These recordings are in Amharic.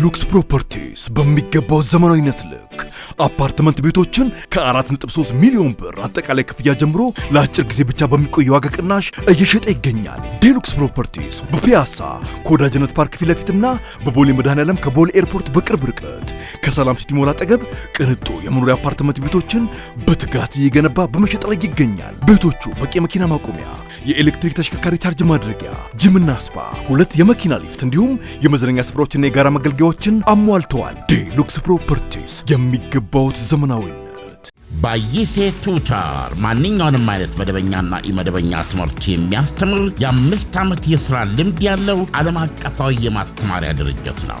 ዲሉክስ ፕሮፐርቲስ በሚገባው ዘመናዊነት ልክ አፓርትመንት ቤቶችን ከ4.3 ሚሊዮን ብር አጠቃላይ ክፍያ ጀምሮ ለአጭር ጊዜ ብቻ በሚቆየ ዋጋ ቅናሽ እየሸጠ ይገኛል። ዲሉክስ ፕሮፐርቲስ በፒያሳ ከወዳጅነት ፓርክ ፊት ለፊትና በቦሌ መድኃኔዓለም ከቦሌ ኤርፖርት በቅርብ ርቀት ከሰላም ሲቲ ሞል አጠገብ ቅንጡ የመኖሪያ አፓርትመንት ቤቶችን በትጋት እየገነባ በመሸጥ ላይ ይገኛል። ቤቶቹ በቂ የመኪና ማቆሚያ፣ የኤሌክትሪክ ተሽከርካሪ ቻርጅ ማድረጊያ፣ ጅምና ስፓ፣ ሁለት የመኪና ሊፍት እንዲሁም የመዝናኛ ስፍራዎችና የጋራ መገልገያ። ሁኔታዎችን አሟልተዋል። ዴሉክስ ፕሮፐርቲስ የሚገባውት ዘመናዊነት ባይሴ ቱተር ማንኛውንም አይነት መደበኛና ኢመደበኛ ትምህርት የሚያስተምር የአምስት ዓመት የሥራ ልምድ ያለው ዓለም አቀፋዊ የማስተማሪያ ድርጅት ነው።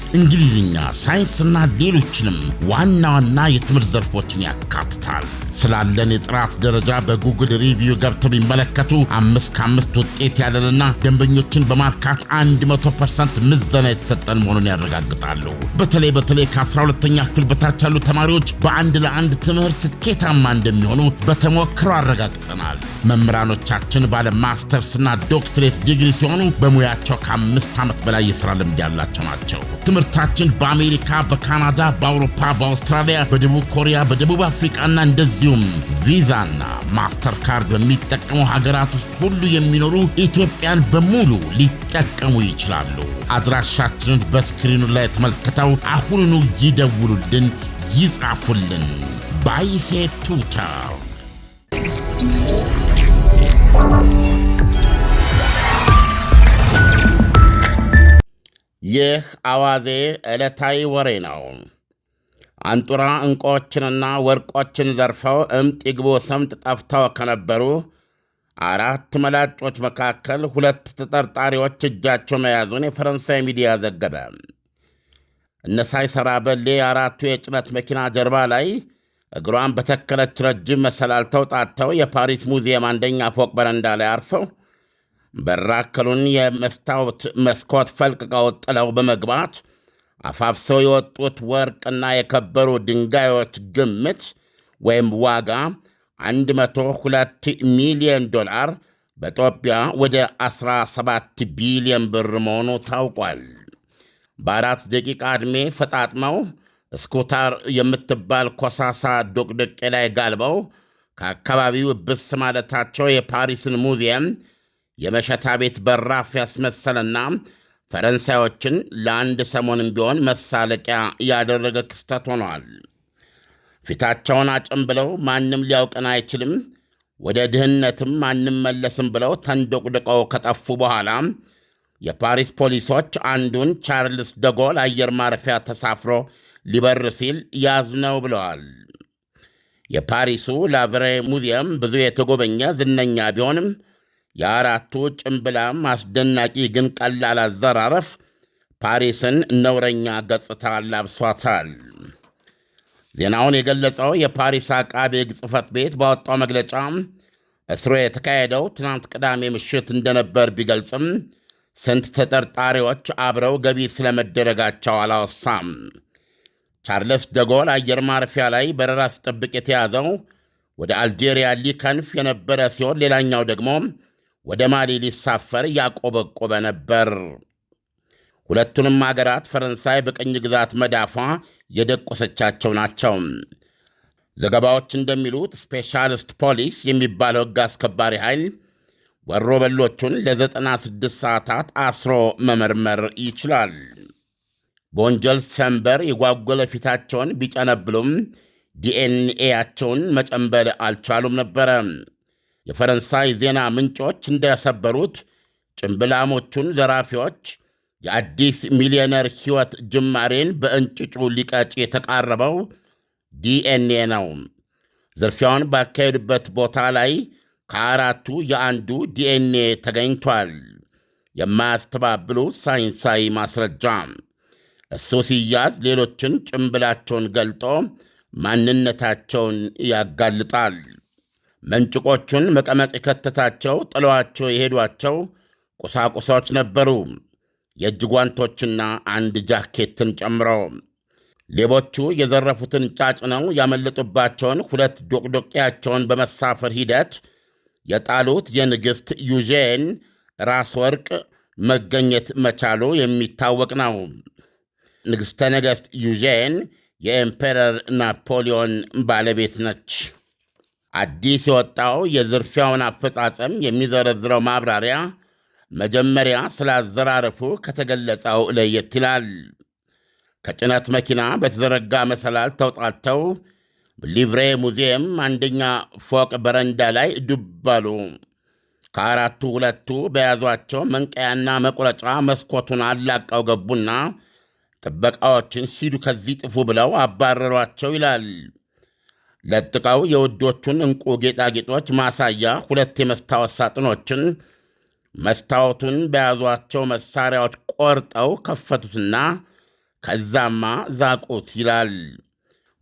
እንግሊዝኛ፣ ሳይንስና ሌሎችንም ዋና ዋና የትምህርት ዘርፎችን ያካትታል። ስላለን የጥራት ደረጃ በጉግል ሪቪው ገብተው ቢመለከቱ አምስት ከአምስት ውጤት ያለንና ደንበኞችን በማርካት 100 ፐርሰንት ምዘና የተሰጠን መሆኑን ያረጋግጣሉ። በተለይ በተለይ ከ12ተኛ ክፍል በታች ያሉ ተማሪዎች በአንድ ለአንድ ትምህርት ስኬታማ እንደሚሆኑ በተሞክሮ አረጋግጠናል። መምህራኖቻችን ባለ ማስተርስና ዶክትሬት ዲግሪ ሲሆኑ በሙያቸው ከአምስት ዓመት በላይ የሥራ ልምድ ያላቸው ናቸው። ምርታችን በአሜሪካ፣ በካናዳ፣ በአውሮፓ፣ በአውስትራሊያ፣ በደቡብ ኮሪያ፣ በደቡብ አፍሪቃና እንደዚሁም ቪዛና ማስተርካርድ በሚጠቀሙ ሀገራት ውስጥ ሁሉ የሚኖሩ ኢትዮጵያን በሙሉ ሊጠቀሙ ይችላሉ። አድራሻችንን በስክሪኑ ላይ ተመልክተው አሁኑኑ ይደውሉልን፣ ይጻፉልን። ባይሴ ቱተር ይህ አዋዜ ዕለታዊ ወሬ ነው። አንጡራ ዕንቁዎችንና ወርቆችን ዘርፈው እምጥ ይግቡ ሰምጥ ጠፍተው ከነበሩ አራት መላጮች መካከል ሁለት ተጠርጣሪዎች እጃቸው መያዙን የፈረንሳይ ሚዲያ ዘገበ። እነሳይ ሰራ በሌ አራቱ የጭነት መኪና ጀርባ ላይ እግሯን በተከለች ረጅም መሰላል ተውጣተው የፓሪስ ሙዚየም አንደኛ ፎቅ በረንዳ ላይ አርፈው በራከሉን የመስታወት መስኮት ፈልቅቀው ጥለው በመግባት አፋፍሰው የወጡት ወርቅና የከበሩ ድንጋዮች ግምት ወይም ዋጋ 102 ሚሊዮን ዶላር በኢትዮጵያ ወደ 17 ቢሊዮን ብር መሆኑ ታውቋል። በአራት ደቂቃ ዕድሜ ፈጣጥመው እስኩታር የምትባል ኮሳሳ ዶቅዶቄ ላይ ጋልበው ከአካባቢው ብስ ማለታቸው የፓሪስን ሙዚየም የመሸታ ቤት በራፍ ያስመሰለና ፈረንሳዮችን ለአንድ ሰሞንም ቢሆን መሳለቂያ ያደረገ ክስተት ሆኗል። ፊታቸውን አጭም ብለው ማንም ሊያውቅን አይችልም፣ ወደ ድህነትም መለስም ብለው ተንደቁድቀው ከጠፉ በኋላ የፓሪስ ፖሊሶች አንዱን ቻርልስ ደጎል አየር ማረፊያ ተሳፍሮ ሊበር ሲል ያዝ ነው ብለዋል። የፓሪሱ ላቭሬ ሙዚየም ብዙ የተጎበኘ ዝነኛ ቢሆንም የአራቱ ጭምብላም አስደናቂ ግን ቀላል አዘራረፍ ፓሪስን ነውረኛ ገጽታ ላብሷታል። ዜናውን የገለጸው የፓሪስ አቃቤ ሕግ ጽሕፈት ቤት ባወጣው መግለጫ እስሩ የተካሄደው ትናንት ቅዳሜ ምሽት እንደነበር ቢገልጽም ስንት ተጠርጣሪዎች አብረው ገቢ ስለመደረጋቸው አላወሳም። ቻርለስ ደጎል አየር ማረፊያ ላይ በረራ ሲጠብቅ የተያዘው ወደ አልጄሪያ ሊከንፍ የነበረ ሲሆን ሌላኛው ደግሞ ወደ ማሊ ሊሳፈር ያቆበቆበ ነበር። ሁለቱንም አገራት ፈረንሳይ በቅኝ ግዛት መዳፏ የደቆሰቻቸው ናቸው። ዘገባዎች እንደሚሉት ስፔሻሊስት ፖሊስ የሚባለው ሕግ አስከባሪ ኃይል ወሮ በሎቹን ለ96 ሰዓታት አስሮ መመርመር ይችላል። በወንጀል ሰንበር የጓጎለ ፊታቸውን ቢጨነብሉም ዲኤንኤያቸውን መጨንበል አልቻሉም ነበረ። የፈረንሳይ ዜና ምንጮች እንደሰበሩት ጭምብላሞቹን ዘራፊዎች የአዲስ ሚሊዮነር ሕይወት ጅማሬን በእንጭጩ ሊቀጭ የተቃረበው ዲኤንኤ ነው። ዝርፊያውን ባካሄዱበት ቦታ ላይ ከአራቱ የአንዱ ዲኤንኤ ተገኝቷል። የማያስተባብሉ ሳይንሳዊ ማስረጃ። እሱ ሲያዝ ሌሎችን ጭምብላቸውን ገልጦ ማንነታቸውን ያጋልጣል። መንጭቆቹን መቀመቅ የከተታቸው ጥለዋቸው የሄዷቸው ቁሳቁሶች ነበሩ፣ የእጅ ጓንቶችና አንድ ጃኬትን ጨምሮ። ሌቦቹ የዘረፉትን ጫጭነው ያመለጡባቸውን ሁለት ዶቅዶቅያቸውን በመሳፈር ሂደት የጣሉት የንግሥት ዩዤን ራስ ወርቅ መገኘት መቻሉ የሚታወቅ ነው። ንግሥተ ነገሥት ዩዤን የኤምፔረር ናፖሊዮን ባለቤት ነች። አዲስ የወጣው የዝርፊያውን አፈጻጸም የሚዘረዝረው ማብራሪያ መጀመሪያ ስላዘራረፉ ከተገለጸው ለየት ይላል። ከጭነት መኪና በተዘረጋ መሰላል ተውጣተው ሊቭሬ ሙዚየም አንደኛ ፎቅ በረንዳ ላይ ዱብ ከአራቱ ሁለቱ በያዟቸው መንቀያና መቁረጫ መስኮቱን አላቀው ገቡና ጥበቃዎችን ሂዱ ከዚህ ጥፉ ብለው አባረሯቸው ይላል። ለጥቃው የውዶቹን እንቁ ጌጣጌጦች ማሳያ ሁለት የመስታወት ሳጥኖችን መስታወቱን በያዟቸው መሳሪያዎች ቆርጠው ከፈቱትና ከዛማ ዛቁት ይላል።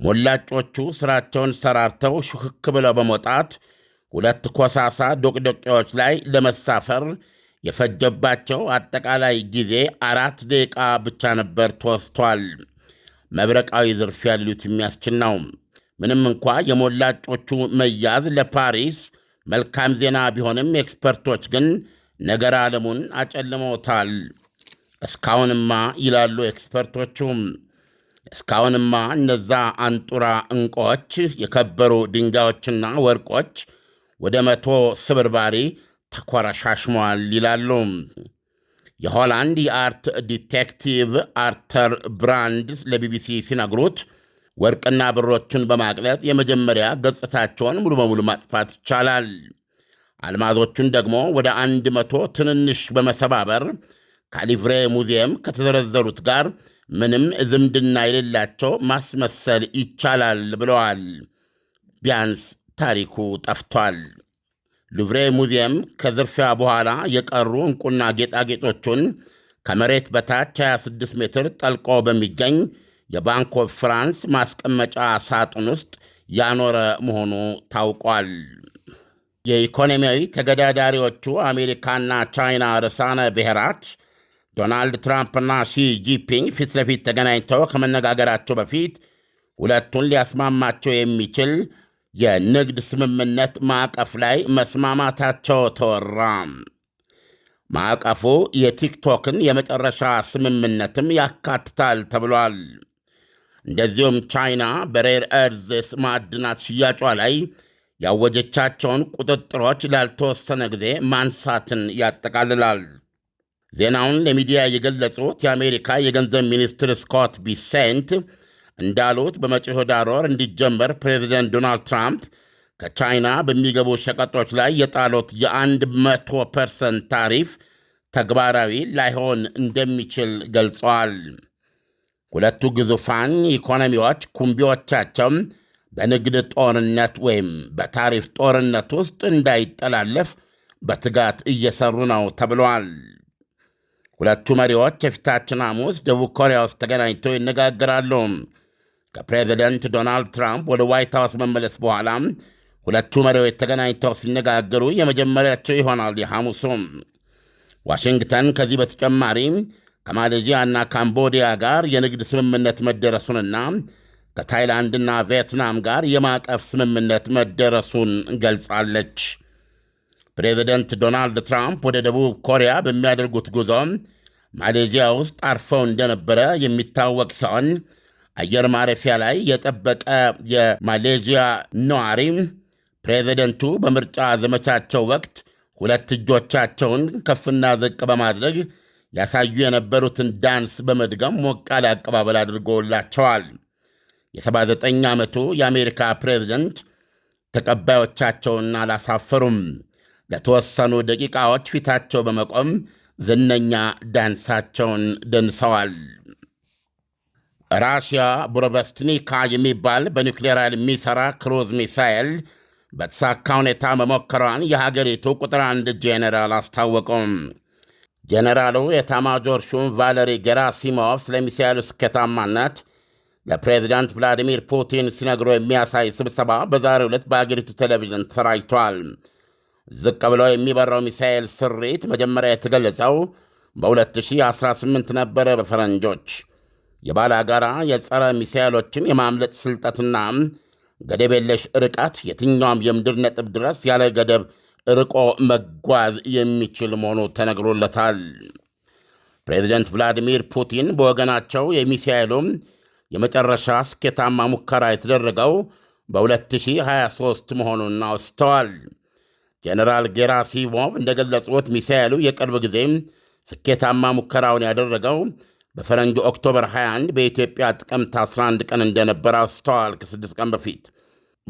ሞላጮቹ ሥራቸውን ሰራርተው ሹክክ ብለው በመውጣት ሁለት ኮሳሳ ዶቅዶቄዎች ላይ ለመሳፈር የፈጀባቸው አጠቃላይ ጊዜ አራት ደቂቃ ብቻ ነበር ተወስቷል። መብረቃዊ ዝርፊያ ሊሉት የሚያስችል ነው። ምንም እንኳ የሞላጮቹ መያዝ ለፓሪስ መልካም ዜና ቢሆንም ኤክስፐርቶች ግን ነገር ዓለሙን አጨልመውታል። እስካሁንማ ይላሉ ኤክስፐርቶቹም፣ እስካሁንማ እነዛ አንጡራ ዕንቆች፣ የከበሩ ድንጋዮችና ወርቆች ወደ መቶ ስብርባሪ ተኮረሻሽመዋል ይላሉ። የሆላንድ የአርት ዲቴክቲቭ አርተር ብራንድ ለቢቢሲ ሲነግሩት ወርቅና ብሮችን በማቅለጥ የመጀመሪያ ገጽታቸውን ሙሉ በሙሉ ማጥፋት ይቻላል። አልማዞቹን ደግሞ ወደ አንድ መቶ ትንንሽ በመሰባበር ካሊቭሬ ሙዚየም ከተዘረዘሩት ጋር ምንም ዝምድና የሌላቸው ማስመሰል ይቻላል ብለዋል። ቢያንስ ታሪኩ ጠፍቷል። ሉቭሬ ሙዚየም ከዝርፊያ በኋላ የቀሩ ዕንቁና ጌጣጌጦቹን ከመሬት በታች 26 ሜትር ጠልቆ በሚገኝ የባንክ ኦፍ ፍራንስ ማስቀመጫ ሳጥን ውስጥ ያኖረ መሆኑ ታውቋል። የኢኮኖሚያዊ ተገዳዳሪዎቹ አሜሪካና ቻይና ርዕሳነ ብሔራት ዶናልድ ትራምፕና ሺ ጂፒንግ ፊት ለፊት ተገናኝተው ከመነጋገራቸው በፊት ሁለቱን ሊያስማማቸው የሚችል የንግድ ስምምነት ማዕቀፍ ላይ መስማማታቸው ተወራ። ማዕቀፉ የቲክቶክን የመጨረሻ ስምምነትም ያካትታል ተብሏል። እንደዚሁም ቻይና በሬር እርዝስ ማዕድናት ሽያጯ ላይ ያወጀቻቸውን ቁጥጥሮች ላልተወሰነ ጊዜ ማንሳትን ያጠቃልላል። ዜናውን ለሚዲያ የገለጹት የአሜሪካ የገንዘብ ሚኒስትር ስኮት ቢሴንት እንዳሉት በመጪው ኅዳር ወር እንዲጀመር ፕሬዚደንት ዶናልድ ትራምፕ ከቻይና በሚገቡ ሸቀጦች ላይ የጣሉት የአንድ መቶ ፐርሰንት ታሪፍ ተግባራዊ ላይሆን እንደሚችል ገልጸዋል። ሁለቱ ግዙፋን ኢኮኖሚዎች ኩምቢዎቻቸውም በንግድ ጦርነት ወይም በታሪፍ ጦርነት ውስጥ እንዳይጠላለፍ በትጋት እየሰሩ ነው ተብሏል። ሁለቱ መሪዎች የፊታችን ሐሙስ ደቡብ ኮሪያ ውስጥ ተገናኝተው ይነጋገራሉ። ከፕሬዚደንት ዶናልድ ትራምፕ ወደ ዋይት ሀውስ መመለስ በኋላ ሁለቱ መሪዎች ተገናኝተው ሲነጋገሩ የመጀመሪያቸው ይሆናል የሐሙሱም። ዋሽንግተን ከዚህ በተጨማሪ ከማሌዥያና ካምቦዲያ ጋር የንግድ ስምምነት መደረሱንና ከታይላንድና ቪየትናም ጋር የማዕቀፍ ስምምነት መደረሱን ገልጻለች። ፕሬዚደንት ዶናልድ ትራምፕ ወደ ደቡብ ኮሪያ በሚያደርጉት ጉዞ ማሌዥያ ውስጥ አርፈው እንደነበረ የሚታወቅ ሲሆን አየር ማረፊያ ላይ የጠበቀ የማሌዥያ ነዋሪ ፕሬዚደንቱ በምርጫ ዘመቻቸው ወቅት ሁለት እጆቻቸውን ከፍና ዝቅ በማድረግ ሊያሳዩ የነበሩትን ዳንስ በመድገም ሞቅ ያለ አቀባበል አድርጎላቸዋል። የ79 ዓመቱ የአሜሪካ ፕሬዚደንት ተቀባዮቻቸውን አላሳፈሩም። ለተወሰኑ ደቂቃዎች ፊታቸው በመቆም ዝነኛ ዳንሳቸውን ደንሰዋል። ራሽያ ቡረቨስትኒካ የሚባል በኒውክሌር ኃይል የሚሠራ ክሩዝ ሚሳኤል በተሳካ ሁኔታ መሞከሯን የሀገሪቱ ቁጥር አንድ ጄኔራል አስታወቁም። ጄኔራሉ የታማጆር ሹም ቫለሪ ጌራሲሞቭ ስለ ሚሳኤሉ ስኬታማነት ለፕሬዚዳንት ቭላዲሚር ፑቲን ሲነግሮ የሚያሳይ ስብሰባ በዛሬው ዕለት በአገሪቱ ቴሌቪዥን ተሰራጅቷል። ዝቅ ብሎ የሚበራው ሚሳኤል ስሪት መጀመሪያ የተገለጸው በ2018 ነበረ በፈረንጆች። የባላጋራ የጸረ ሚሳኤሎችን የማምለጥ ስልጠትና ገደብ የለሽ ርቀት የትኛውም የምድር ነጥብ ድረስ ያለ ገደብ ርቆ መጓዝ የሚችል መሆኑ ተነግሮለታል። ፕሬዚደንት ቭላዲሚር ፑቲን በወገናቸው የሚሳኤሉም የመጨረሻ ስኬታማ ሙከራ የተደረገው በ2023 መሆኑን አውስተዋል። ጄኔራል ጌራሲሞቭ እንደገለጹት ሚሳኤሉ የቅርብ ጊዜ ስኬታማ ሙከራውን ያደረገው በፈረንጅ ኦክቶበር 21 በኢትዮጵያ ጥቅምት 11 ቀን እንደነበረ አውስተዋል። ከስድስት ቀን በፊት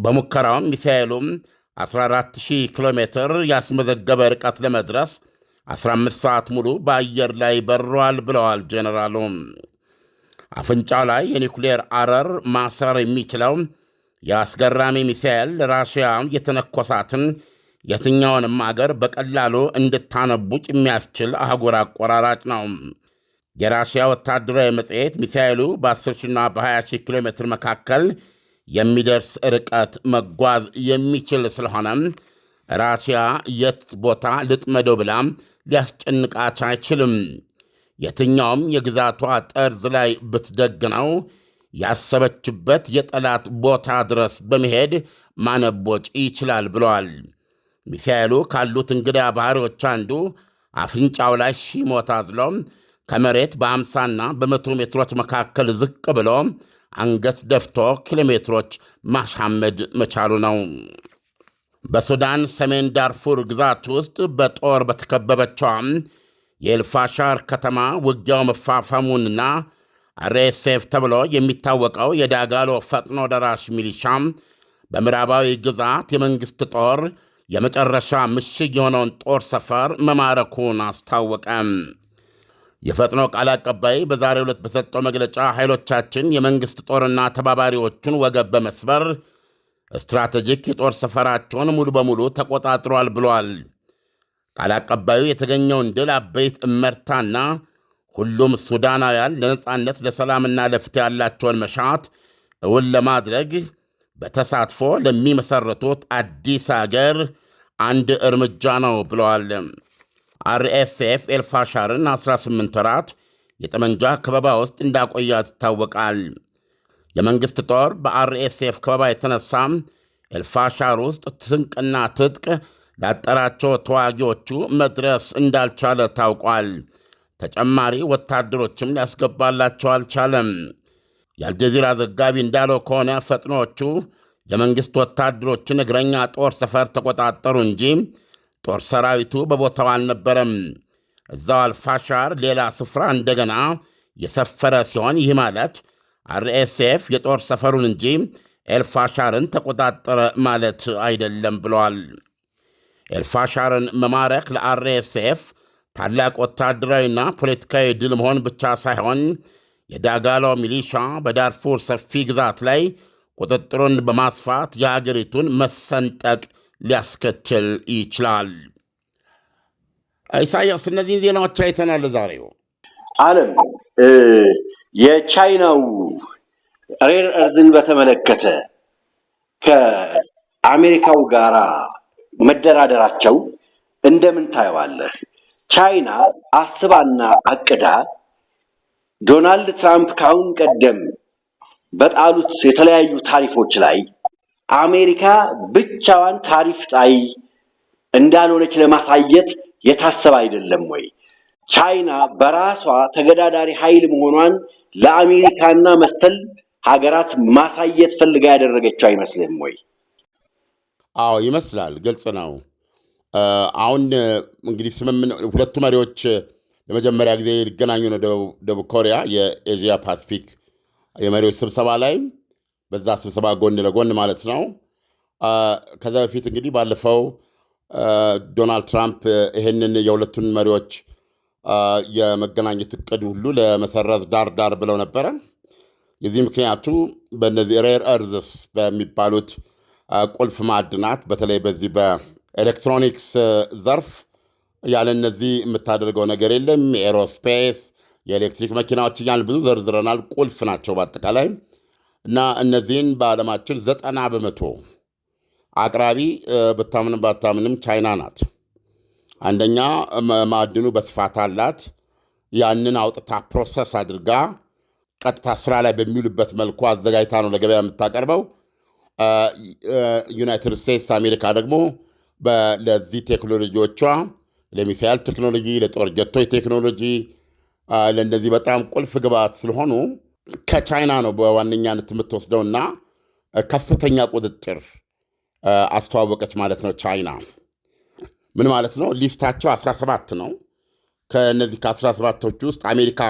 በሙከራውም ሚሳኤሉም 14000 ኪሎ ሜትር ያስመዘገበ ርቀት ለመድረስ 15 ሰዓት ሙሉ በአየር ላይ በረዋል ብለዋል ጄኔራሉ። አፍንጫው ላይ የኒውክሌር አረር ማሰር የሚችለው የአስገራሚ ሚሳኤል ራሽያ የተነኮሳትን የትኛውንም አገር በቀላሉ እንድታነቡጭ የሚያስችል አህጉር አቆራራጭ ነው። የራሽያ ወታደራዊ መጽሔት ሚሳኤሉ በ10 ሺና በ20 ሺህ ኪሎ ሜትር መካከል የሚደርስ ርቀት መጓዝ የሚችል ስለሆነም ራሽያ የት ቦታ ልጥመደው ብላ ሊያስጨንቃች አይችልም። የትኛውም የግዛቷ ጠርዝ ላይ ብትደግነው ያሰበችበት የጠላት ቦታ ድረስ በመሄድ ማነቦጭ ይችላል ብለዋል። ሚሳኤሉ ካሉት እንግዳ ባህሪዎች አንዱ አፍንጫው ላይ ሺሞታ አዝሎ ከመሬት በአምሳና በመቶ ሜትሮች መካከል ዝቅ ብሎ አንገት ደፍቶ ኪሎሜትሮች ማሻመድ መቻሉ ነው። በሱዳን ሰሜን ዳርፉር ግዛት ውስጥ በጦር በተከበበችዋም የኤልፋሻር ከተማ ውጊያው መፋፋሙንና አርኤስኤፍ ተብሎ የሚታወቀው የዳጋሎ ፈጥኖ ደራሽ ሚሊሻም በምዕራባዊ ግዛት የመንግሥት ጦር የመጨረሻ ምሽግ የሆነውን ጦር ሰፈር መማረኩን አስታወቀ። የፈጥኖ ቃል አቀባይ በዛሬ ዕለት በሰጠው መግለጫ ኃይሎቻችን የመንግሥት ጦርና ተባባሪዎቹን ወገብ በመስበር ስትራቴጂክ የጦር ሰፈራቸውን ሙሉ በሙሉ ተቆጣጥሯል ብሏል። ቃል አቀባዩ የተገኘውን ድል አበይት እመርታና ሁሉም ሱዳናውያን ለነፃነት ለሰላምና ለፍትህ ያላቸውን መሻት እውን ለማድረግ በተሳትፎ ለሚመሠረቱት አዲስ አገር አንድ እርምጃ ነው ብለዋል። አርኤስኤፍ ኤልፋሻርን 18 ወራት የጠመንጃ ከበባ ውስጥ እንዳቆያት ይታወቃል። የመንግሥት ጦር በአርኤስኤፍ ከበባ የተነሳም ኤልፋሻር ውስጥ ትንቅና ትጥቅ ላጠራቸው ተዋጊዎቹ መድረስ እንዳልቻለ ታውቋል። ተጨማሪ ወታደሮችም ሊያስገባላቸው አልቻለም። የአልጀዚራ ዘጋቢ እንዳለው ከሆነ ፈጥኖቹ የመንግሥት ወታደሮችን እግረኛ ጦር ሰፈር ተቆጣጠሩ እንጂ ጦር ሰራዊቱ በቦታው አልነበረም። እዛው አልፋሻር ሌላ ስፍራ እንደገና የሰፈረ ሲሆን ይህ ማለት አርኤስኤፍ የጦር ሰፈሩን እንጂ ኤልፋሻርን ተቆጣጠረ ማለት አይደለም ብለዋል። ኤልፋሻርን መማረክ ለአርኤስኤፍ ታላቅ ወታደራዊና ፖለቲካዊ ድል መሆን ብቻ ሳይሆን የዳጋሎ ሚሊሻ በዳርፉር ሰፊ ግዛት ላይ ቁጥጥሩን በማስፋት የአገሪቱን መሰንጠቅ ሊያስከትል ይችላል። ኢሳያስ፣ እነዚህን ዜናዎች አይተናል። ዛሬው አለም የቻይናው ሬር እርዝን በተመለከተ ከአሜሪካው ጋራ መደራደራቸው እንደምን ታየዋለህ? ቻይና አስባና አቅዳ ዶናልድ ትራምፕ ካሁን ቀደም በጣሉት የተለያዩ ታሪፎች ላይ አሜሪካ ብቻዋን ታሪፍ ጣይ እንዳልሆነች ለማሳየት የታሰበ አይደለም ወይ? ቻይና በራሷ ተገዳዳሪ ኃይል መሆኗን ለአሜሪካና መሰል ሀገራት ማሳየት ፈልጋ ያደረገችው አይመስልህም ወይ? አዎ ይመስላል። ግልጽ ነው። አሁን እንግዲህ ሁለቱ መሪዎች ለመጀመሪያ ጊዜ ሊገናኙ ነው። ደቡብ ኮሪያ የኤዥያ ፓሲፊክ የመሪዎች ስብሰባ ላይ በዛ ስብሰባ ጎን ለጎን ማለት ነው። ከዛ በፊት እንግዲህ ባለፈው ዶናልድ ትራምፕ ይህንን የሁለቱን መሪዎች የመገናኘት እቅድ ሁሉ ለመሰረዝ ዳር ዳር ብለው ነበረ። የዚህ ምክንያቱ በእነዚህ ሬር እርዝስ በሚባሉት ቁልፍ ማዕድናት በተለይ በዚህ በኤሌክትሮኒክስ ዘርፍ ያለ እነዚህ የምታደርገው ነገር የለም። የኤሮስፔስ፣ የኤሌክትሪክ መኪናዎች እያልን ብዙ ዘርዝረናል። ቁልፍ ናቸው በአጠቃላይ እና እነዚህን በዓለማችን ዘጠና በመቶ አቅራቢ ብታምንም ባታምንም ቻይና ናት። አንደኛ ማዕድኑ በስፋት አላት። ያንን አውጥታ ፕሮሰስ አድርጋ ቀጥታ ስራ ላይ በሚውልበት መልኩ አዘጋጅታ ነው ለገበያ የምታቀርበው። ዩናይትድ ስቴትስ አሜሪካ ደግሞ ለዚህ ቴክኖሎጂዎቿ ለሚሳይል ቴክኖሎጂ፣ ለጦር ጀቶች ቴክኖሎጂ ለእንደዚህ በጣም ቁልፍ ግብዓት ስለሆኑ ከቻይና ነው በዋነኛነት እና ከፍተኛ ቁጥጥር አስተዋወቀች ማለት ነው። ቻይና ምን ማለት ነው? ሊስታቸው 17 ነው። ከእነዚህ ከ17ቶች ውስጥ አሜሪካ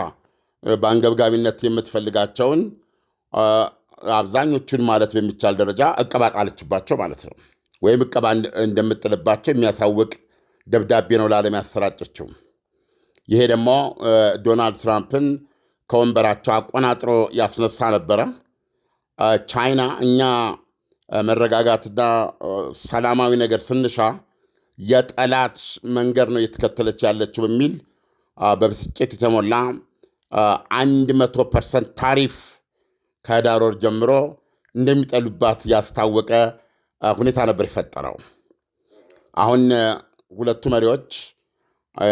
በአንገብጋቢነት የምትፈልጋቸውን አብዛኞቹን ማለት በሚቻል ደረጃ እቀባ ጣለችባቸው ማለት ነው። ወይም እቀባ እንደምጥልባቸው የሚያሳውቅ ደብዳቤ ነው ለዓለም ያሰራጨችው። ይሄ ደግሞ ዶናልድ ትራምፕን ከወንበራቸው አቆናጥሮ ያስነሳ ነበረ። ቻይና እኛ መረጋጋትና ሰላማዊ ነገር ስንሻ የጠላት መንገድ ነው እየተከተለች ያለችው በሚል በብስጭት የተሞላ አንድ መቶ ፐርሰንት ታሪፍ ከህዳር ወር ጀምሮ እንደሚጠሉባት ያስታወቀ ሁኔታ ነበር የፈጠረው። አሁን ሁለቱ መሪዎች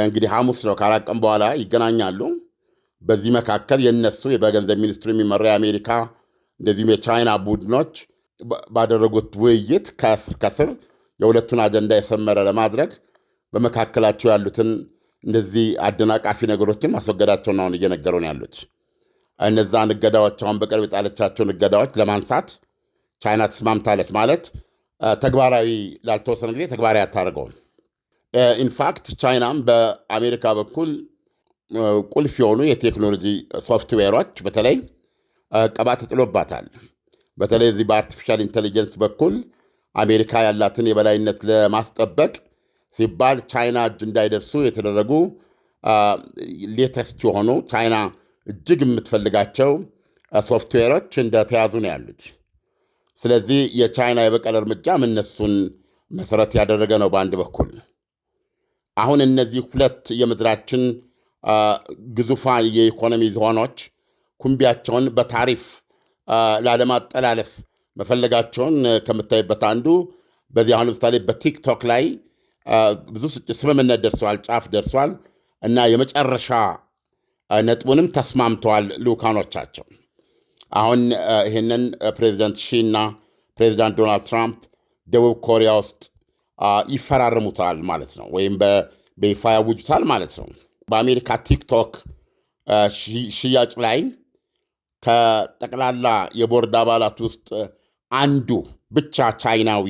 እንግዲህ ሐሙስ ነው ከአራት ቀን በኋላ ይገናኛሉ። በዚህ መካከል የነሱ በገንዘብ ሚኒስትሩ የሚመራው የአሜሪካ እንደዚሁም የቻይና ቡድኖች ባደረጉት ውይይት ከስር ከስር የሁለቱን አጀንዳ የሰመረ ለማድረግ በመካከላቸው ያሉትን እንደዚህ አደናቃፊ ነገሮችን ማስወገዳቸውን አሁን እየነገሩን ያሉት እነዛን እገዳዎች አሁን በቅርብ የጣለቻቸውን እገዳዎች ለማንሳት ቻይና ተስማምታለች ማለት ተግባራዊ ላልተወሰነ ጊዜ ተግባራዊ አታደርገውም። ኢንፋክት ቻይናም በአሜሪካ በኩል ቁልፍ የሆኑ የቴክኖሎጂ ሶፍትዌሮች በተለይ ቅባት ጥሎባታል። በተለይ እዚህ በአርቲፊሻል ኢንቴሊጀንስ በኩል አሜሪካ ያላትን የበላይነት ለማስጠበቅ ሲባል ቻይና እጅ እንዳይደርሱ የተደረጉ ሌተስት የሆኑ ቻይና እጅግ የምትፈልጋቸው ሶፍትዌሮች እንደተያዙ ነው ያሉት። ስለዚህ የቻይና የበቀል እርምጃም እነሱን መሰረት ያደረገ ነው። በአንድ በኩል አሁን እነዚህ ሁለት የምድራችን ግዙፋ የኢኮኖሚ ዞኖች ኩምቢያቸውን በታሪፍ ላለማጠላለፍ መፈለጋቸውን ከምታይበት አንዱ በዚህ አሁን ለምሳሌ በቲክቶክ ላይ ብዙ ስምምነት ደርሰዋል፣ ጫፍ ደርሷል እና የመጨረሻ ነጥቡንም ተስማምተዋል ልውካኖቻቸው አሁን ይህንን ፕሬዚደንት ሺ እና ፕሬዚዳንት ዶናልድ ትራምፕ ደቡብ ኮሪያ ውስጥ ይፈራርሙታል ማለት ነው፣ ወይም በይፋ ያውጁታል ማለት ነው። በአሜሪካ ቲክቶክ ሽያጭ ላይ ከጠቅላላ የቦርድ አባላት ውስጥ አንዱ ብቻ ቻይናዊ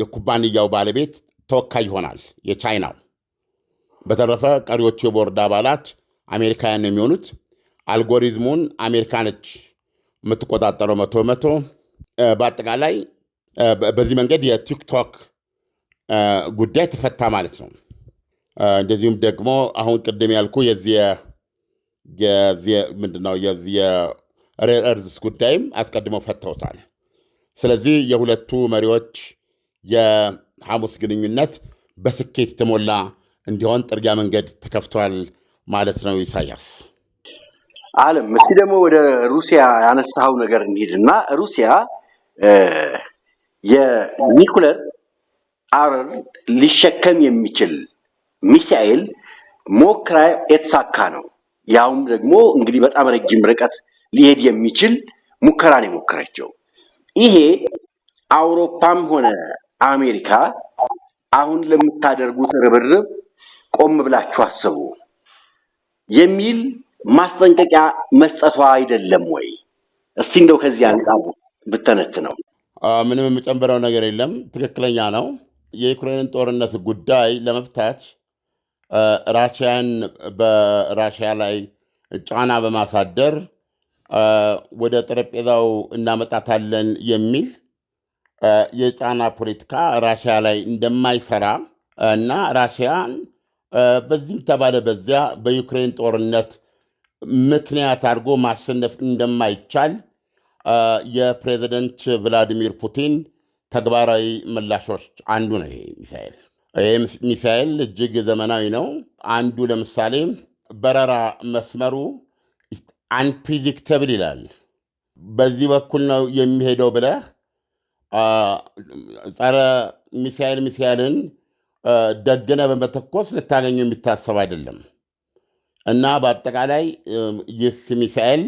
የኩባንያው ባለቤት ተወካይ ይሆናል፣ የቻይናው። በተረፈ ቀሪዎቹ የቦርድ አባላት አሜሪካውያን የሚሆኑት። አልጎሪዝሙን አሜሪካኖች የምትቆጣጠረው መቶ መቶ። በአጠቃላይ በዚህ መንገድ የቲክቶክ ጉዳይ ተፈታ ማለት ነው። እንደዚሁም ደግሞ አሁን ቅድም ያልኩ ምንድነው የዚህ ጉዳይም አስቀድመው ፈተውታል። ስለዚህ የሁለቱ መሪዎች የሐሙስ ግንኙነት በስኬት የተሞላ እንዲሆን ጥርጊያ መንገድ ተከፍቷል ማለት ነው። ኢሳያስ አለም፣ እስኪ ደግሞ ወደ ሩሲያ ያነሳው ነገር እና ሩሲያ የኒኩለር አረር ሊሸከም የሚችል ሚሳኤል ሞክራ የተሳካ ነው። ያውም ደግሞ እንግዲህ በጣም ረጅም ርቀት ሊሄድ የሚችል ሙከራን የሞከረችው ይሄ አውሮፓም ሆነ አሜሪካ አሁን ለምታደርጉት ርብርብ ቆም ብላችሁ አስቡ የሚል ማስጠንቀቂያ መስጠቷ አይደለም ወይ? እስቲ እንደው ከዚህ አንጻር ብተነት ነው። ምንም የምጨምረው ነገር የለም። ትክክለኛ ነው። የዩክሬንን ጦርነት ጉዳይ ለመፍታት ራሽያን በራሽያ ላይ ጫና በማሳደር ወደ ጠረጴዛው እናመጣታለን የሚል የጫና ፖለቲካ ራሽያ ላይ እንደማይሰራ እና ራሽያን በዚህም ተባለ በዚያ በዩክሬን ጦርነት ምክንያት አድርጎ ማሸነፍ እንደማይቻል የፕሬዚደንት ቭላዲሚር ፑቲን ተግባራዊ ምላሾች አንዱ ነው ይሄ ሚሳኤል። ይህ ሚሳኤል እጅግ ዘመናዊ ነው። አንዱ ለምሳሌ በረራ መስመሩ አንፕሪዲክተብል ይላል። በዚህ በኩል ነው የሚሄደው ብለህ ጸረ ሚሳኤል ሚሳኤልን ደግነ በመተኮስ ልታገኙ የሚታሰብ አይደለም እና በአጠቃላይ ይህ ሚሳኤል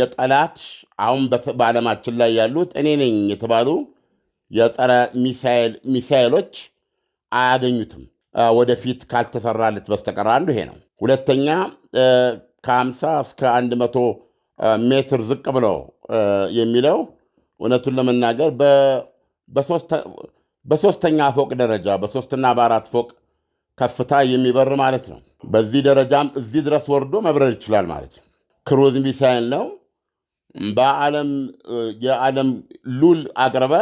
የጠላት አሁን በዓለማችን ላይ ያሉት እኔ ነኝ የተባሉ የጸረ ሚሳኤል ሚሳኤሎች አያገኙትም ወደፊት ካልተሰራለት በስተቀር አንዱ ይሄ ነው። ሁለተኛ ከ50 እስከ 100 ሜትር ዝቅ ብሎ የሚለው እውነቱን ለመናገር በሶስተኛ ፎቅ ደረጃ በሶስትና በአራት ፎቅ ከፍታ የሚበር ማለት ነው። በዚህ ደረጃም እዚህ ድረስ ወርዶ መብረር ይችላል ማለት ነው። ክሩዝ ሚሳይል ነው። በዓለም የዓለም ሉል አቅርበ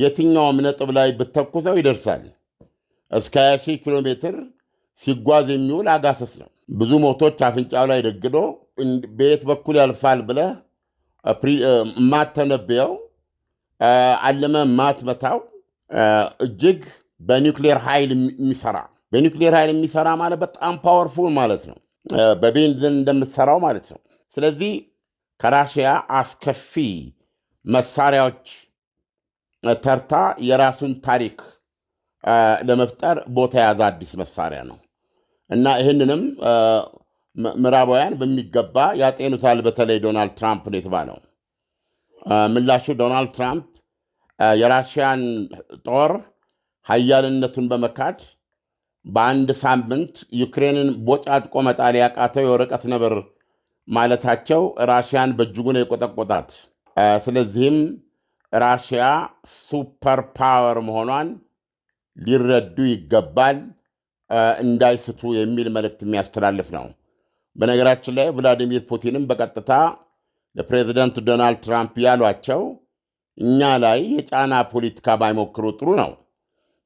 የትኛውም ነጥብ ላይ ብተኩሰው ይደርሳል። እስከ 20 ኪሎ ሜትር ሲጓዝ የሚውል አጋሰስ ነው። ብዙ ሞቶች አፍንጫው ላይ ደግዶ በየት በኩል ያልፋል ብለህ ማተነበየው አለመ ማትመታው እጅግ በኒውክሌር ኃይል የሚሰራ በኒውክሌር ኃይል የሚሰራ ማለት በጣም ፓወርፉል ማለት ነው። በቤንዚን እንደምትሰራው ማለት ነው። ስለዚህ ከራሽያ አስከፊ መሳሪያዎች ተርታ የራሱን ታሪክ ለመፍጠር ቦታ የያዘ አዲስ መሳሪያ ነው እና ይህንንም ምዕራባውያን በሚገባ ያጤኑታል። በተለይ ዶናልድ ትራምፕ ነው የተባለው ምላሹ ዶናልድ ትራምፕ የራሽያን ጦር ሀያልነቱን በመካድ በአንድ ሳምንት ዩክሬንን ቦጫጥቆ መጣል ያቃተው የወረቀት ነብር ማለታቸው ራሽያን በእጅጉ ነው የቆጠቆጣት። ስለዚህም ራሽያ ሱፐር ፓወር መሆኗን ሊረዱ ይገባል፣ እንዳይስቱ የሚል መልእክት የሚያስተላልፍ ነው። በነገራችን ላይ ቭላዲሚር ፑቲንም በቀጥታ ለፕሬዚደንት ዶናልድ ትራምፕ ያሏቸው እኛ ላይ የጫና ፖለቲካ ባይሞክሩ ጥሩ ነው።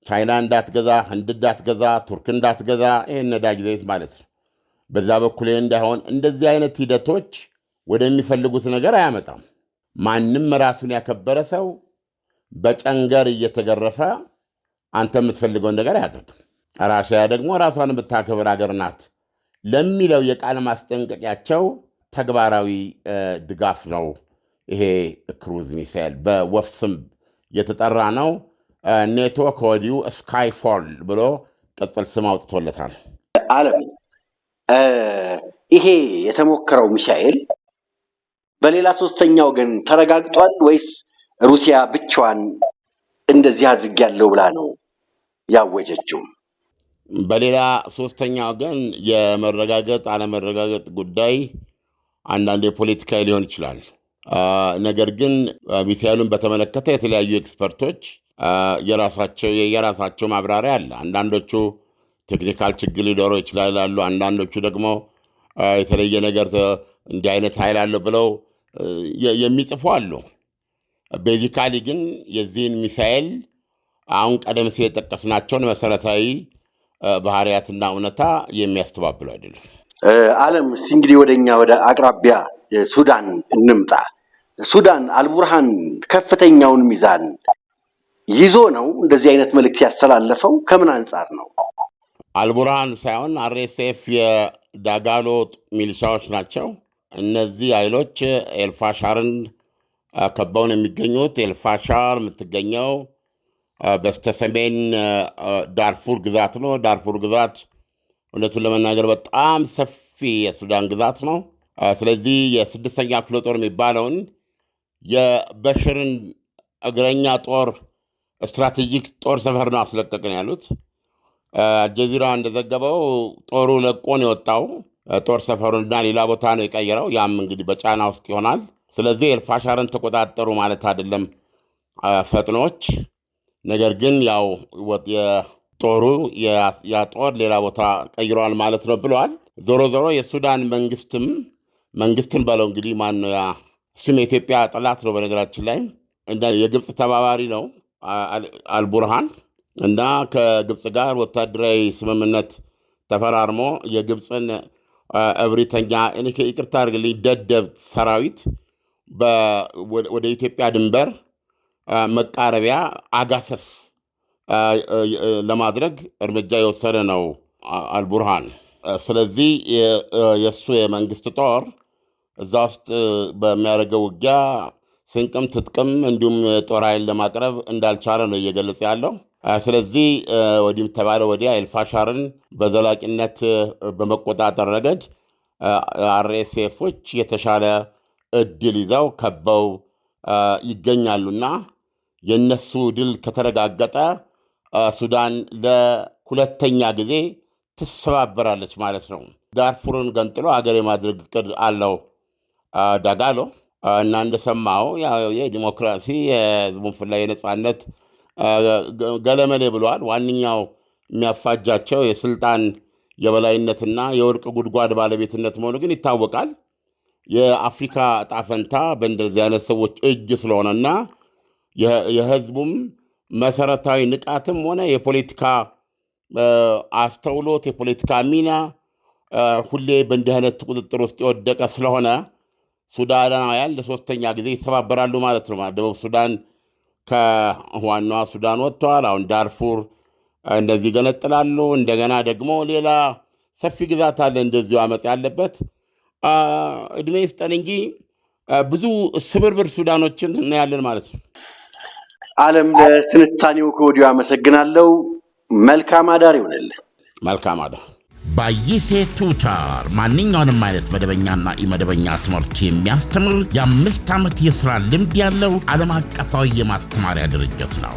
ቻይና እንዳትገዛ፣ ህንድ እንዳትገዛ፣ ቱርክ እንዳትገዛ፣ ይህን ነዳጅ ዘይት ማለት ነው። በዛ በኩል እንዳይሆን እንደዚህ አይነት ሂደቶች ወደሚፈልጉት ነገር አያመጣም። ማንም ራሱን ያከበረ ሰው በጨንገር እየተገረፈ አንተ የምትፈልገውን ነገር አያደርግም። ራሽያ ደግሞ ራሷን የምታከብር አገር ናት ለሚለው የቃል ማስጠንቀቂያቸው ተግባራዊ ድጋፍ ነው። ይሄ ክሩዝ ሚሳይል በወፍ ስም የተጠራ ነው። ኔቶ ከወዲሁ ስካይፎል ብሎ ቅጽል ስም አውጥቶለታል። አለም ይሄ የተሞከረው ሚሳኤል በሌላ ሶስተኛ ወገን ተረጋግጧል ወይስ ሩሲያ ብቻዋን እንደዚህ ያለው ብላ ነው ያወጀችው። በሌላ ሶስተኛ ወገን የመረጋገጥ አለመረጋገጥ ጉዳይ አንዳንድ የፖለቲካ ሊሆን ይችላል። ነገር ግን ሚሳኤሉን በተመለከተ የተለያዩ ኤክስፐርቶች የራሳቸው ማብራሪያ አለ። አንዳንዶቹ ቴክኒካል ችግር ሊኖረው ይችላሉ፣ አንዳንዶቹ ደግሞ የተለየ ነገር እንዲህ አይነት ኃይል አለው ብለው የሚጽፉ አሉ። ቤዚካሊ ግን የዚህን ሚሳኤል አሁን ቀደም ሲል የጠቀስናቸውን መሰረታዊ ባህሪያትና እውነታ የሚያስተባብሉ አይደለም። አለም እስኪ እንግዲህ ወደኛ ወደ አቅራቢያ ሱዳን እንምጣ። ሱዳን አልቡርሃን ከፍተኛውን ሚዛን ይዞ ነው እንደዚህ አይነት መልእክት ያስተላለፈው። ከምን አንጻር ነው? አልቡርሃን ሳይሆን አርኤስኤፍ የዳጋሎ ሚሊሻዎች ናቸው። እነዚህ ኃይሎች ኤልፋሻርን ከበውን የሚገኙት ኤልፋሻር የምትገኘው በስተሰሜን ዳርፉር ግዛት ነው። ዳርፉር ግዛት እውነቱን ለመናገር በጣም ሰፊ የሱዳን ግዛት ነው። ስለዚህ የስድስተኛ ክፍለ ጦር የሚባለውን የበሽርን እግረኛ ጦር ስትራቴጂክ ጦር ሰፈር ነው አስለቀቅን ያሉት። አልጀዚራ እንደዘገበው ጦሩ ለቆን የወጣው ጦር ሰፈሩንና ሌላ ቦታ ነው የቀየረው። ያም እንግዲህ በጫና ውስጥ ይሆናል። ስለዚህ ኤልፋሻርን ተቆጣጠሩ ማለት አይደለም ፈጥኖች። ነገር ግን ያው የጦሩ ያጦር ሌላ ቦታ ቀይረዋል ማለት ነው ብለዋል። ዞሮ ዞሮ የሱዳን መንግስትም መንግስትን በለው እንግዲህ ማን ነው ያ? እሱም የኢትዮጵያ ጠላት ነው በነገራችን ላይ የግብፅ ተባባሪ ነው አልቡርሃን እና ከግብፅ ጋር ወታደራዊ ስምምነት ተፈራርሞ የግብፅን እብሪተኛ ይቅርታ አድርግልኝ ደደብ ሰራዊት ወደ ኢትዮጵያ ድንበር መቃረቢያ አጋሰስ ለማድረግ እርምጃ የወሰደ ነው አልቡርሃን። ስለዚህ የእሱ የመንግስት ጦር እዛ ውስጥ በሚያደርገው ውጊያ ስንቅም ትጥቅም እንዲሁም ጦር ኃይል ለማቅረብ እንዳልቻለ ነው እየገለጸ ያለው። ስለዚህ ወዲህም ተባለ ወዲያ ኤልፋሻርን በዘላቂነት በመቆጣጠር ረገድ አርኤስኤፎች የተሻለ እድል ይዘው ከበው ይገኛሉና የእነሱ ድል ከተረጋገጠ ሱዳን ለሁለተኛ ጊዜ ትሰባበራለች ማለት ነው። ዳርፉርን ገንጥሎ አገር የማድረግ እቅድ አለው ዳጋሎ እና እንደሰማው የዲሞክራሲ የህዝቡን ፍላይ የነፃነት ገለመሌ ብለዋል። ዋነኛው የሚያፋጃቸው የስልጣን የበላይነትና የወርቅ ጉድጓድ ባለቤትነት መሆኑ ግን ይታወቃል። የአፍሪካ ጣፈንታ በእንደዚህ አይነት ሰዎች እጅ ስለሆነና የህዝቡም መሰረታዊ ንቃትም ሆነ የፖለቲካ አስተውሎት የፖለቲካ ሚና ሁሌ በእንዲህ አይነት ቁጥጥር ውስጥ የወደቀ ስለሆነ ሱዳናውያን ለሶስተኛ ጊዜ ይሰባበራሉ ማለት ነው። ደቡብ ሱዳን ከዋናዋ ሱዳን ወጥተዋል። አሁን ዳርፉር እንደዚህ ገነጥላሉ። እንደገና ደግሞ ሌላ ሰፊ ግዛት አለ እንደዚሁ አመፅ ያለበት እድሜ ይስጠን እንጂ ብዙ ስብርብር ሱዳኖችን እናያለን ማለት ነው። አለም ለትንታኔው ከወዲሁ አመሰግናለሁ። መልካም አዳር ይሆንልን። መልካም አዳር። ባይሴ ቱታር ማንኛውንም አይነት መደበኛና ኢመደበኛ ትምህርት የሚያስተምር የአምስት ዓመት የሥራ ልምድ ያለው ዓለም አቀፋዊ የማስተማሪያ ድርጅት ነው።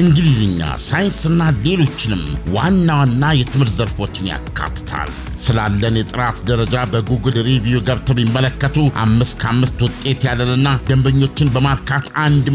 እንግሊዝኛ፣ ሳይንስና ሌሎችንም ዋና ዋና የትምህርት ዘርፎችን ያካትታል። ስላለን የጥራት ደረጃ በጉግል ሪቪው ገብተው ቢመለከቱ አምስት ከአምስት ውጤት ያለንና ደንበኞችን በማርካት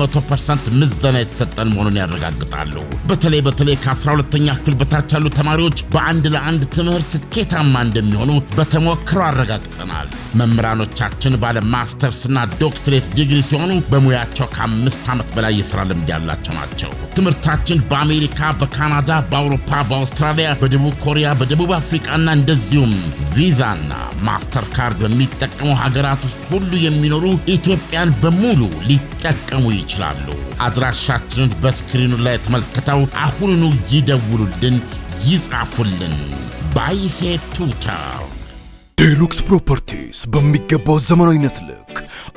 100 ፐርሰንት ምዘና የተሰጠን መሆኑን ያረጋግጣሉ። በተለይ በተለይ ከ12ተኛ ክፍል በታች ያሉ ተማሪዎች በአንድ ለአንድ ትምህርት ስኬታማ እንደሚሆኑ በተሞክሮ አረጋግጠናል። መምህራኖቻችን ባለ ማስተርስና ዶክትሬት ዲግሪ ሲሆኑ በሙያቸው ከአምስት ዓመት በላይ የሥራ ልምድ ያላቸው ናቸው። ምርታችን በአሜሪካ፣ በካናዳ፣ በአውሮፓ፣ በአውስትራሊያ፣ በደቡብ ኮሪያ፣ በደቡብ እና እንደዚሁም ቪዛና ማስተር ካርድ በሚጠቀሙ ሀገራት ውስጥ ሁሉ የሚኖሩ ኢትዮጵያን በሙሉ ሊጠቀሙ ይችላሉ። አድራሻችንን በስክሪኑ ላይ ተመልክተው አሁኑኑ ይደውሉልን፣ ይጻፉልን። ባይሴ ቱተር ዴሉክስ ፕሮፐርቲስ በሚገባው ዘመናዊነት ልክ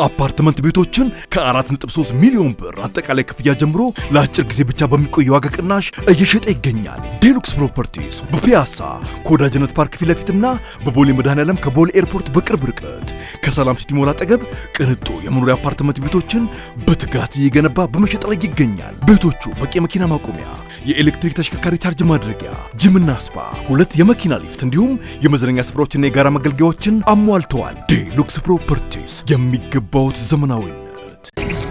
አፓርትመንት ቤቶችን ከ4.3 ሚሊዮን ብር አጠቃላይ ክፍያ ጀምሮ ለአጭር ጊዜ ብቻ በሚቆየ ዋጋ ቅናሽ እየሸጠ ይገኛል። ዴሉክስ ፕሮፐርቲስ በፒያሳ ከወዳጅነት ፓርክ ፊት ለፊትና በቦሌ መድኃኔዓለም ከቦሌ ኤርፖርት በቅርብ ርቀት ከሰላም ሲቲ ሞል አጠገብ ቅንጡ የመኖሪያ አፓርትመንት ቤቶችን በትጋት እየገነባ በመሸጥ ላይ ይገኛል። ቤቶቹ በቂ የመኪና ማቆሚያ፣ የኤሌክትሪክ ተሽከርካሪ ቻርጅ ማድረጊያ፣ ጅምና ስፓ፣ ሁለት የመኪና ሊፍት እንዲሁም የመዝናኛ ስፍራዎችና የጋራ መገልገያዎችን አሟልተዋል። ዴሉክስ ፕሮፐርቲስ የሚገባውት ዘመናዊነት